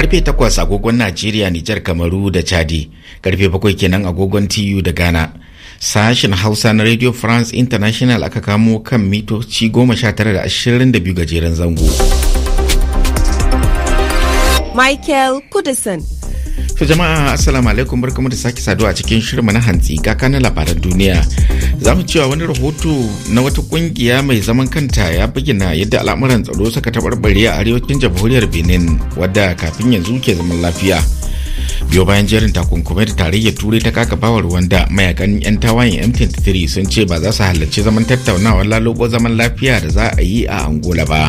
karfe 8 agogon Najeriya, Nijar, Kamaru da Chadi, karfe bakwai kenan agogon TU da Ghana. Sashen Hausa na Radio France International aka kamo kan mitoci goma sha da da ashirin biyu gajeren zango. Michael Kudison To jama'a assalamu alaikum barkamu da sake saduwa a cikin shirma na hantsi kaka na labaran duniya. Za mu cewa wani rahoto na wata kungiya mai zaman kanta ya bayyana yadda al'amuran tsaro suka taɓarɓare a arewacin jamhuriyar Benin wadda kafin yanzu ke zaman lafiya. biyo bayan jerin takunkumai da tarayyar turai ta kaka bawar wanda mayakan 'yan tawayen m23 sun ce ba za su halarci zaman tattaunawar lalubo zaman lafiya da za a yi a angola ba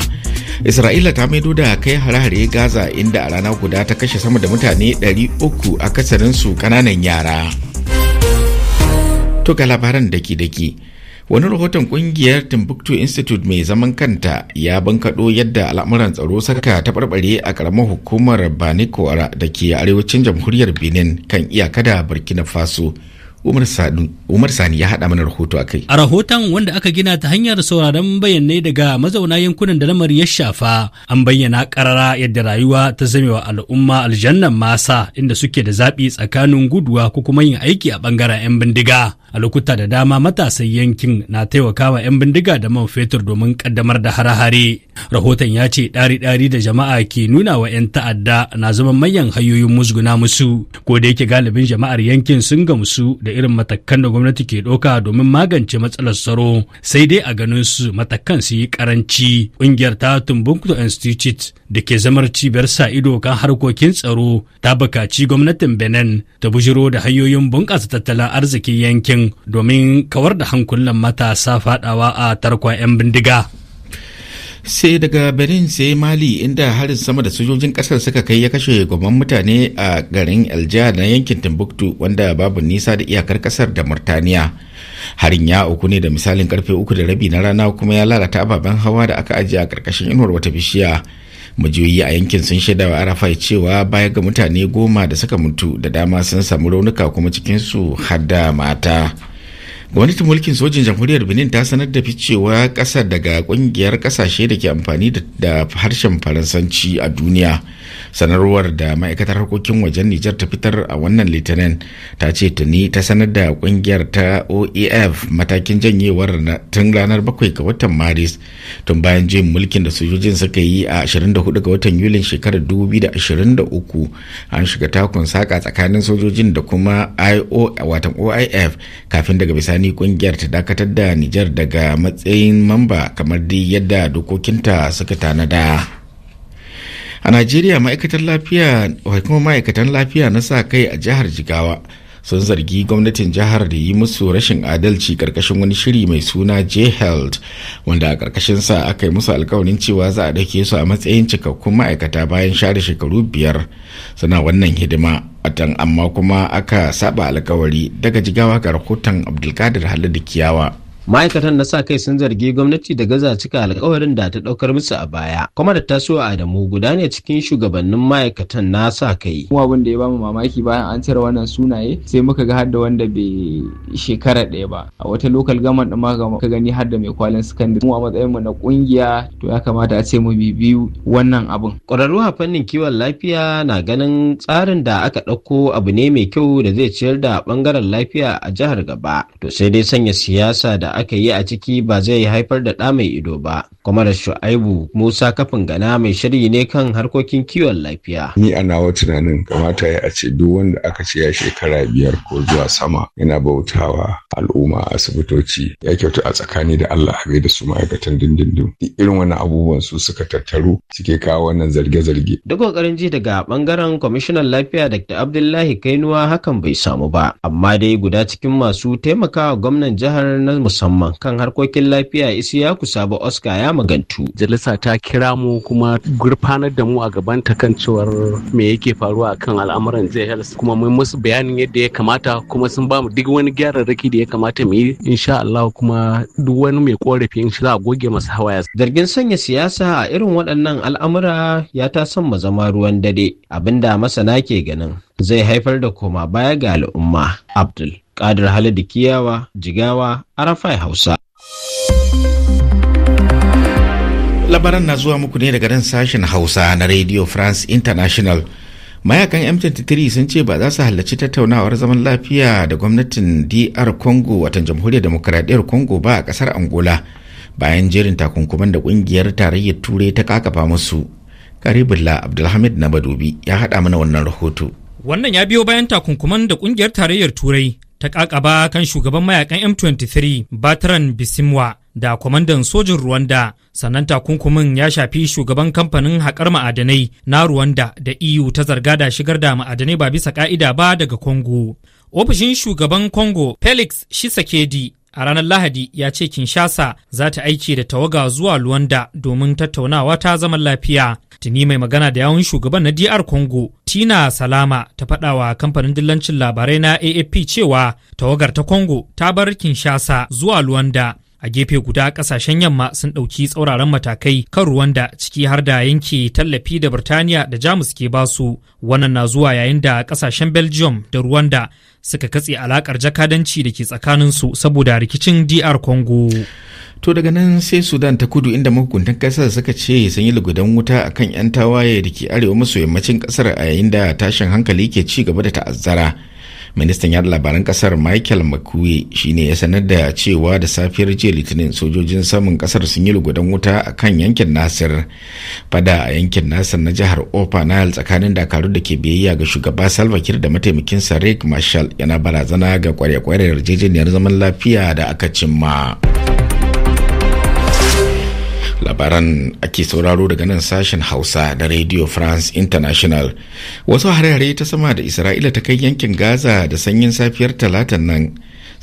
isra'ila ta maido da kai hare-hare gaza inda a rana guda ta kashe sama da mutane 300 a su kananan yara to labaran daki-daki wani rahoton kungiyar timbuktu institute mai zaman kanta ya bankaɗo yadda al'amuran tsaro saka ta barbare a ƙaramar hukumar banikowara da ke arewacin jamhuriyar benin kan iyaka da burkina faso umar sani ya haɗa mana rahoto a kai a rahoton wanda aka gina ta hanyar sauraron bayanai daga mazauna yankunan da lamari ya shafa an bayyana karara yadda rayuwa ta wa al'umma aljannan masa inda suke da zaɓi tsakanin guduwa ko kuma yin aiki a ɓangaren 'yan bindiga a lokuta da dama matasan yankin na taimakawa 'yan bindiga da man fetur domin kaddamar da hare-hare rahoton ya ce ɗari-ɗari da jama'a ke nuna wa 'yan ta'adda na zama manyan hanyoyin musguna musu ko da yake galibin jama'ar yankin sun gamsu da irin matakan da gwamnati ke ɗauka domin magance matsalar tsaro sai dai a ganin su matakan su yi karanci ƙungiyar ta tumbuktu institute da ke zamar cibiyar sa ido kan harkokin tsaro ta bukaci gwamnatin benin ta bujiro da hanyoyin bunƙasa tattalin arzikin yankin shirin domin kawar da hankulan matasa fadawa a tarkon 'yan bindiga. sai daga benin sai mali inda harin sama da sojojin kasar suka kai ya kashe gwamnan mutane a garin alja na yankin timbuktu wanda babu nisa da iyakar kasar da murtaniya harin ya uku ne da misalin karfe uku da rabi na rana kuma ya lalata ababen hawa da aka ajiye a karkashin inuwar wata bishiya majiyoyi a yankin sun shaida wa arafai cewa baya ga mutane goma da suka mutu da dama sun samu raunuka kuma cikinsu har da mata gwamnatin mulkin sojin jamhuriyar benin ta sanar da ficewa kasa daga kungiyar kasashe da ke amfani da harshen faransanci a duniya sanarwar da ma'aikatar harkokin wajen nijar ta fitar a wannan litinin ta ce tuni ta sanar da kungiyar ta oef matakin janyewar tun ranar 7 ga watan maris tun bayan jin mulkin da sojojin suka yi a 24 ga watan yulin shekarar 2023 an shiga takun saka tsakanin sojojin da kuma oif kafin daga bisani bisani kungiyar ta dakatar da nijar daga matsayin mamba kamar dai yadda dokokinta suka tanada a najeriya ma'aikatan lafiya hukumar ma'aikatan lafiya na sa kai a jihar jigawa sun zargi gwamnatin jihar da yi musu rashin adalci karkashin wani shiri mai suna j-health wanda a sa aka yi musu alkawarin cewa za a ɗauke su a matsayin cikakkun ma'aikata bayan share shekaru biyar suna wannan hidima tan amma kuma aka saba alkawari daga jigawa ga rahoton abdulkadir halidu kiyawa ma'aikatan na sa kai sun zargi gwamnati da gaza cika alkawarin da ta daukar musu a baya kuma da taso adamu guda ne cikin shugabannin ma'aikatan na sa kai kuma abin da ya bamu mamaki bayan an cire wannan sunaye sai muka ga hadda wanda bai shekara ɗaya ba a wata lokal gaman din ma ka gani hadda mai kwalin sakandare mu a matsayin mu na kungiya to ya kamata a ce mu bibiyu wannan abin ƙwararru a fannin kiwon lafiya na ganin tsarin da aka ɗauko abu ne mai kyau da zai ciyar da bangaren lafiya a jihar gaba to sai dai sanya siyasa da da aka yi a ciki ba zai haifar da ɗa mai ido ba kwamarar shu'aibu musa kafin gana mai shiryi ne kan harkokin kiwon lafiya ni a nawa tunanin kamata ya ce duk wanda aka ce ya shekara biyar ko zuwa sama yana bautawa al'umma a asibitoci ya kyautu a tsakani da allah a da su ma'aikatan dindindin irin wani abubuwan su suka tattaru suke kawo wannan zarge-zarge duk kokarin ji daga bangaren kwamishinan lafiya dr abdullahi kainuwa hakan bai samu ba amma dai guda cikin masu taimakawa gwamnan jihar na musamman kan harkokin lafiya ya kusa ba oscar ya magantu jalisa ta kira mu kuma gurfanar da mu a gaban ta kan cewar me yake faruwa akan al'amuran jihar kuma mun musu bayanin yadda ya kamata kuma sun bamu duk wani gyararraki da ya kamata mu yi insha Allah kuma duk wani mai korafi in za a goge masa hawaya zargin sanya siyasa a irin waɗannan al'amura ya ta son mu zama ruwan dare abinda masana ke ganin zai haifar da koma baya ga al'umma abdul kadir halidu kiyawa jigawa arafai hausa labaran na zuwa muku ne daga nan sashen hausa na radio france international mayakan m23 sun ce ba za su halarci tattaunawar zaman lafiya da gwamnatin dr congo watan jamhuriyar demokuraɗiyar congo ba a ƙasar angola bayan jerin takunkuman da kungiyar tarayyar turai ta kakaba musu karibullah abdulhamid na madubi ya haɗa mana wannan rahoto wannan ya biyo bayan takunkuman da kungiyar tarayyar turai ta kakaba kan shugaban mayakan m23 batran bisimwa da kwamandan sojin Rwanda sannan takunkumin ya shafi shugaban kamfanin haƙar ma'adanai na Rwanda da EU ta zarga da shigar da ma'adanai ba bisa ka'ida ba daga Congo. Ofishin shugaban Congo Felix Shisekedi a ranar Lahadi ya ce Kinshasa za ta aiki da tawaga zuwa ruwanda domin tattaunawa ta zaman lafiya. Tuni mai magana da yawun shugaban na DR Congo Tina Salama ta faɗa wa kamfanin dillancin labarai na AFP cewa tawagar ta Congo ta bar Kinshasa zuwa ruwanda. a gefe guda kasashen yamma sun ɗauki tsauraran matakai kan ruwanda ciki har da yanke tallafi da birtaniya da jamus ke basu wannan na zuwa yayin da kasashen belgium da ruwanda suka katse alakar jakadanci da ke tsakanin su saboda rikicin dr congo to daga nan sai sudan ta kudu inda mahukuntan kasar suka ce sun yi lugudan wuta akan 'yan tawaye da ke arewa maso yammacin kasar a yayin da tashin hankali ke ci gaba da ta'azzara ministan yada labaran kasar michael makuye shine ya sanar da cewa da safiyar jiya litinin sojojin samun kasar sun yi lugudan wuta a kan yankin nasir fada a yankin nasir na jihar opa nile tsakanin dakaru da ke biyayya ga shugaba salva kiir da mataimakinsa rick marshall yana barazana ga kware-kware yarjejeniyar zaman lafiya da aka cimma. labaran ake sauraro daga nan sashen hausa da radio france international wasu hare-hare ta sama da isra'ila ta kai yankin gaza da sanyin safiyar talatan nan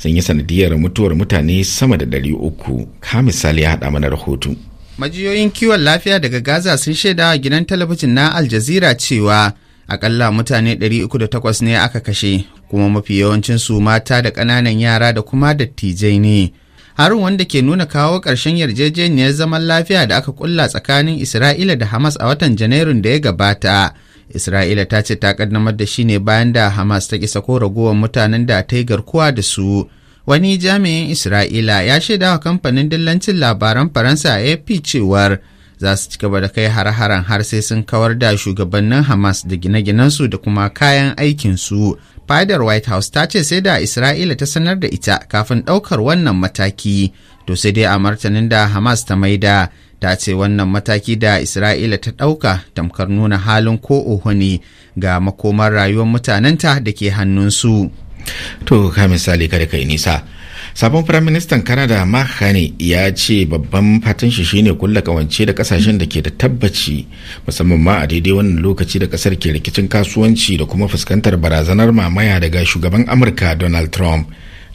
sun yi sanadiyar mutuwar mutane sama da 300 ka misali ya haɗa mana rahoto majiyoyin kiwon lafiya daga gaza sun shaida gidan talabijin na al jazeera cewa akalla mutane 308 ne aka kashe kuma mafi yawancin su mata da ƙananan yara da kuma dattijai ne harin wanda ke nuna kawo ƙarshen yarjejeniyar zaman lafiya da aka kulla tsakanin isra'ila da hamas a watan janairun da ya gabata isra'ila ta ce ta kaddamar da shi ne bayan da hamas ta kisa ko ragowar mutanen da ta yi garkuwa da su wani jami'in isra'ila ya shaida wa kamfanin dillancin labaran faransa ap cewar za su ci gaba da kai har-haren har sai sun kawar da shugabannin hamas da gine-ginensu da kuma kayan aikinsu fadar white house ta ce sai da isra'ila ta sanar da ita kafin ɗaukar wannan mataki to sai dai a martanin da hamas ta maida ta ce wannan mataki da isra'ila ta ɗauka tamkar nuna halin ko oho ga makomar rayuwar mutanenta da ke hannunsu. to ka misali kada ka yi nisa sabon firaministan canada mark haney ya ce babban fatan shi shine kulla kawance da kasashen da ke da tabbaci musamman ma a daidai wannan lokaci da kasar ke rikicin kasuwanci da kuma fuskantar barazanar mamaya daga shugaban amurka donald trump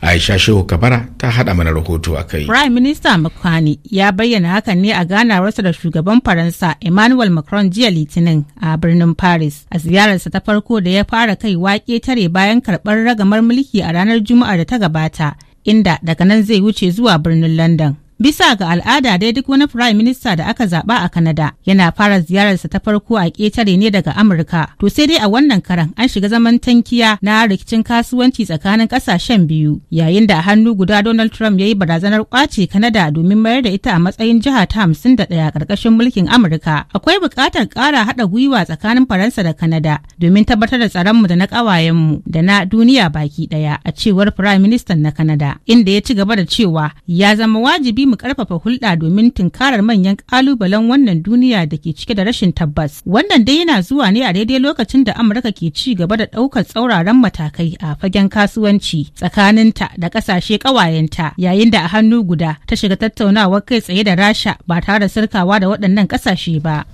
Aisha Shehu Kabara ta hada mana rahoto a kai. Prime Minister Makwani ya bayyana hakan ne a ganawarsa da shugaban Faransa Emmanuel Macron jiya Litinin a birnin Paris a ziyararsa ta farko da ya fara kai wake tare bayan karbar ragamar mulki a ranar juma'ar da ta gabata. inda daga nan zai wuce zuwa birnin London. Bisa ga al'ada dai duk wani Prime Minister da aka zaba a Kanada yana fara ziyararsa ta farko a ƙetare ne daga Amurka. To sai dai a wannan karan an shiga zaman tankiya na rikicin kasuwanci tsakanin ƙasashen biyu. Yayin da a hannu guda Donald Trump ya yi barazanar ƙwace Kanada domin mayar da ita a matsayin jiha ta hamsin da ɗaya ƙarƙashin mulkin Amurka. Akwai buƙatar ƙara haɗa gwiwa tsakanin Faransa da Kanada domin tabbatar da tsaronmu da na ƙawayenmu da na duniya baki ɗaya a cewar Prime Minister na Kanada. Inda ya ci gaba da cewa ya zama wajibi mu karfafa hulɗa domin tunkarar manyan ƙalubalen wannan duniya da ke cike da rashin tabbas. Wannan dai yana zuwa ne a daidai lokacin da Amurka ke ci gaba da ɗaukar tsauraran matakai a fagen kasuwanci tsakaninta da ƙasashe ƙawayenta yayin da a hannu guda ta shiga tattaunawar kai tsaye da Rasha ba tare da sirkawa da waɗannan ƙasashe ba.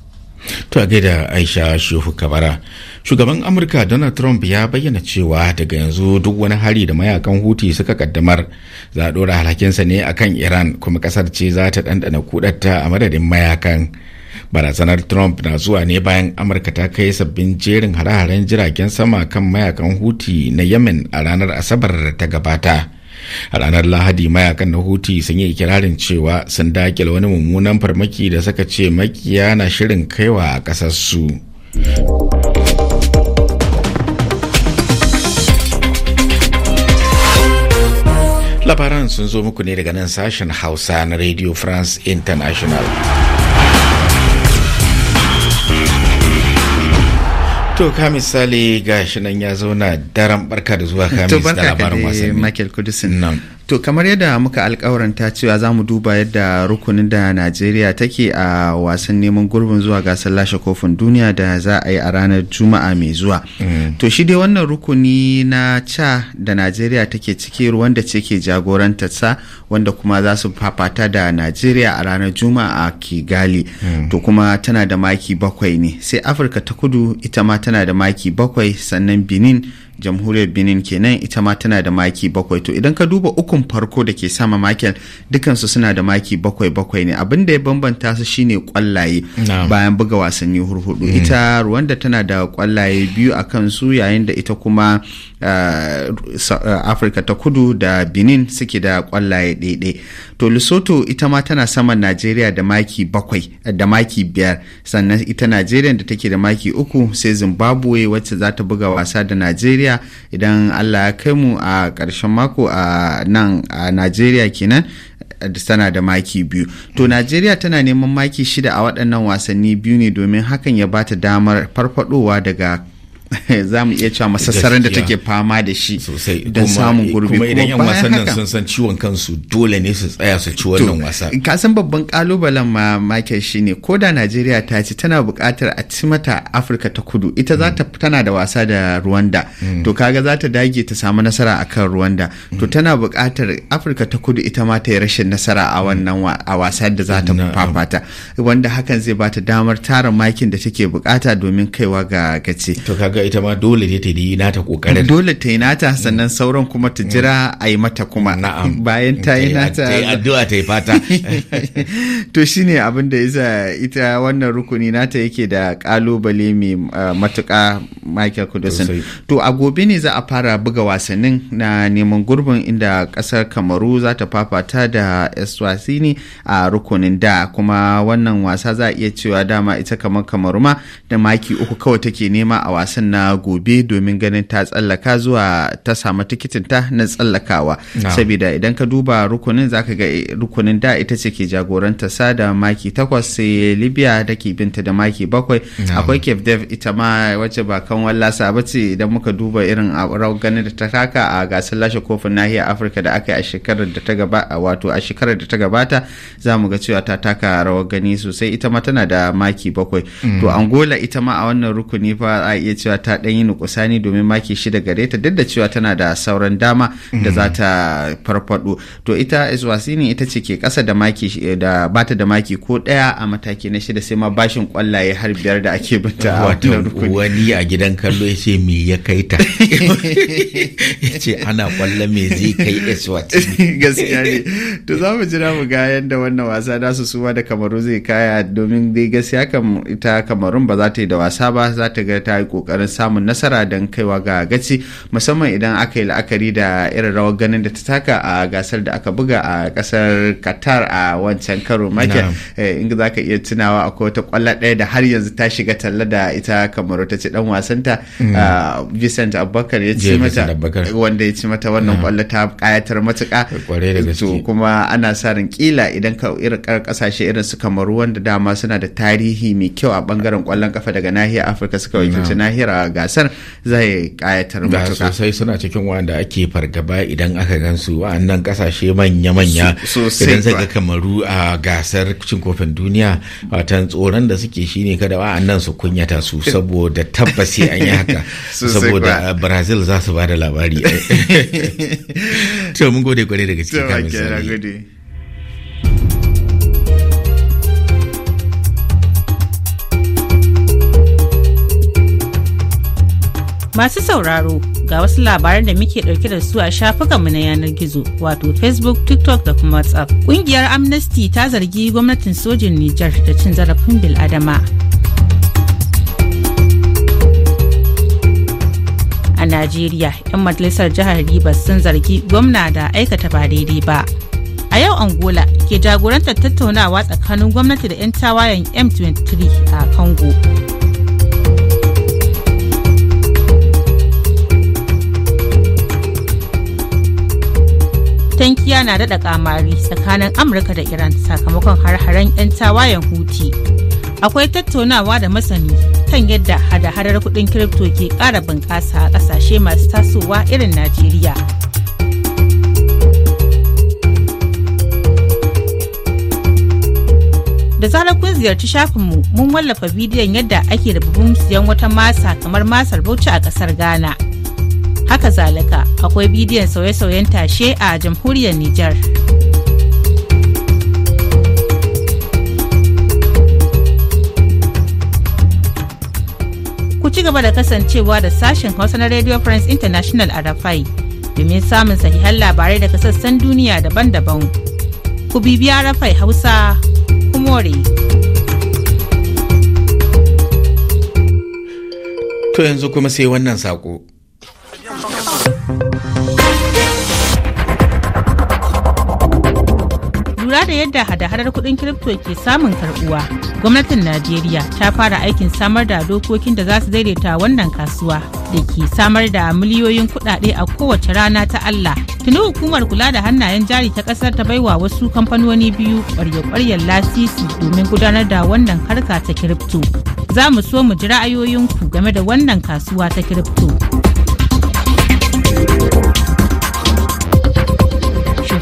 To a gaida Aisha Shehu Kabara. Shugaban Amurka Donald Trump ya bayyana cewa daga yanzu duk wani hari da mayakan Huti suka kaddamar za a ɗora alhakinsa ne akan Iran kuma ƙasar ce za ta ɗanɗana kudatta a madadin mayakan. Barazanar Trump na zuwa ne bayan Amurka ta kai sabbin jerin hare-haren jiragen sama kan mayakan Huti na Yemen a ranar Asabar da ta gabata. a ranar lahadi mayakan na huti sun yi ikirarin cewa sun dakile wani mummunan farmaki da suka ce makiya na shirin kaiwa a kasarsu. su labaran sun zo muku ne daga nan sashen hausa na radio france international to ka misali gashi nan ya zauna daren barka da zuwa ka misali labarin wasanni to barka da Michael Kudusin To kamar yadda muka alkawaranta cewa za mu duba yadda rukunin da Najeriya take a wasan neman gurbin zuwa gasar lashe kofin duniya da za a yi a ranar Juma'a mai zuwa. Mm. To shi dai wannan rukuni na ca da Najeriya take ciki da ce ke jagorantarsa wanda kuma za su fafata da Najeriya a ranar Juma'a a Kigali. Mm. To kuma tana da maki bakwai ne. Sai Afirka ta kudu ita ma tana da maki bakwai sannan Benin jamhuriyar benin kenan ita ma tana da maki bakwai to idan ka duba ukun farko da ke sama makel dukansu suna da maki bakwai bakwai ne abin da ya bambanta su shine kwallaye bayan buga wasanni hurhudu hmm. ita rwanda tana da kwallaye biyu a kansu yayin da ita kuma afirka ta kudu da benin suke da kwallaye ɗaiɗai to lesotho ita ma tana saman najeriya da maki bakwai da maki biyar sannan ita najeriya da take da maki uku sai zimbabwe wacce za ta buga wasa da najeriya idan allah ya kai mu a ƙarshen mako a nan a najeriya kenan tana da maki biyu to najeriya tana neman maki shida a waɗannan wasanni biyu ne domin hakan ya bata damar farfadowa daga za mu iya cewa masassarin da take fama da shi don samun gurbi kuma idan yan wasan nan sun san ciwon kansu dole ne su tsaya su ci wannan wasa ka san babban kalubalen ma make ne ko da Najeriya ta ci tana buƙatar a ci mata Afirka ta Kudu ita za ta tana da wasa da Rwanda mm. to kaga za ta dage ta samu nasara akan Rwanda to mm. tana buƙatar Afirka ta Kudu ita ma ta yi rashin nasara a wannan a wasa da za ta fafata wanda hakan zai ba ta damar tara makin da take buƙata domin kaiwa ga gaci to kaga haka ita ma dole ne ta yi nata kokarin dole ta yi nata mm. sannan sauran kuma ta mm. jira a yi mata kuma bayan ta yi nata ta yi addu'a ta yi fata to shine abin da yasa ita wannan rukuni nata yake da kalubale mai eh, matuka Michael Kudusin to a gobe ne za a fara buga wasannin na neman gurbin inda kasar Kamaru za ta fafata da Eswatini a rukunin da kuma wannan wasa za a iya cewa dama ita kamar Kamaru ma da maki uku kawai take nema a wasan na gobe domin ganin ta tsallaka zuwa ta samu tikitin ta na tsallakawa saboda idan ka duba rukunin zaka ga eh, rukunin da ita ce ke jagoranta sa da maki takwas sai libya da ke binta da maki bakwai akwai cape dev ita ma wacce ba kan wallasa ba ce idan muka duba irin rawar ganin da ta taka a gasar lashe kofin nahiyar afirka da aka yi a shekarar da ta gabata wato a shekarar da ta gabata za mu ga cewa ta taka rawar gani sosai ita ma tana da maki bakwai mm. to angola ita ma a wannan rukuni fa a iya cewa ta ɗan yi nukusani domin maki shida gare ta duk da cewa tana da sauran dama da za ta farfado to ita Eswatini ita ce ke ƙasa da maki eh, da bata da maki ko ɗaya a mataki na shida sai ma bashin kwallaye har biyar da ake binta wani a gidan kallo ya ce me ya kai ta ya ce ana kwallo me zai kai Eswatini gaskiya ne to za mu jira mu ga yadda wannan wasa da su suwa da kamaru zai kaya domin dai gaskiya kam ita kamarun ba za ta yi da wasa ba za ta ga ta yi kokarin samun nasara don kaiwa ga gaci musamman idan aka yi la'akari da irin rawar ganin da ta taka a gasar da aka buga a kasar qatar a wancan karo maka eh, in za ka iya tunawa akwai wata kwallo ɗaya da har yanzu ta shiga talla da ita kamaru ta ce dan wasanta mm. vincent abubakar ya ci mata wanda ya ci mata wannan kwallo ta kayatar matuka kuma ana sa ran kila idan ka irin kasashe irin su kamaru wanda dama suna da tarihi mai kyau a bangaren kwallon kafa daga nahiyar afirka suka wakilci nahiyar gasar zai kayatar matuka sosai suna cikin wanda ake fargaba idan aka gansu wa'annan kasashe manya-manya idan zai ga kamaru a gasar cin kofin duniya watan tsoron da suke shine kada wa'annan su kunyata su saboda tabbasi an yi haka saboda brazil za su ba da labari to mun gode kamar Masu sauraro ga wasu labaran da muke ɗauke da su a shafukanmu na yanar gizo wato Facebook, TikTok da kuma WhatsApp. Ƙungiyar Amnesty ta zargi gwamnatin sojin Nijar da cin zarafin bil'adama. A Najeriya, 'yan majalisar jihar Ribas sun zargi gwamna da aikata ba daidai ba. A yau Angola ke jagorantar tattaunawa tsakanin gwamnati da 'yan tawayen M23 a Congo. gaskiya na daɗa kamari tsakanin amurka da iran sakamakon har-haren 'yan tawayen huti akwai tattaunawa da masani kan yadda hada-hadar kuɗin kiripto ke ƙara bunƙasa a ƙasashe masu tasowa irin najeriya da zarar kun ziyarci shafinmu mun wallafa bidiyon yadda ake da bugun siyan wata masa kamar masar bauchi a ƙasar ghana haka zalika akwai bidiyon sauye-sauyen tashe a jamhuriyar Nijar. Ku ci gaba da kasancewa da sashen Hausa na Radio France International a Rafai domin samun sahihan labarai daga sassan duniya daban-daban. Ku bibiya Rafai Hausa, Kumore. To yanzu kuma sai wannan saƙo. lura da yadda hada-hadar kudin kirifto ke samun karbuwa gwamnatin najeriya ta fara aikin samar da dokokin da za su daidaita wannan kasuwa da ke samar da miliyoyin kuɗaɗe a kowace rana ta allah tuni hukumar kula da hannayen jari ta ƙasar ta baiwa wasu kamfanoni biyu kwarya-kwaryar lasisi domin gudanar da wannan harka ta kirifto za mu so mu ji ra'ayoyinku game da wannan kasuwa ta kirifto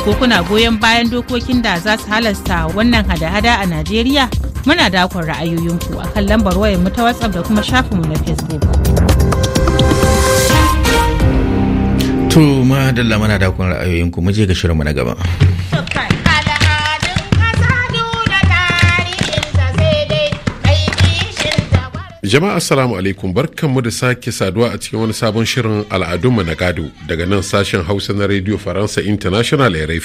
ko kuna goyon bayan dokokin da za su halasta wannan hada-hada a Najeriya? Muna dakon ra'ayoyinku a kan lambar wayar mu ta WhatsApp da kuma shafinmu na Facebook. To madalla muna dakon ra'ayoyinku mu je ga shirinmu na gaba. Jama'a assalamu alaikum barkanmu da sake saduwa a cikin wani sabon shirin al'adunmu na gado daga nan sashen Hausa na Radio Faransa International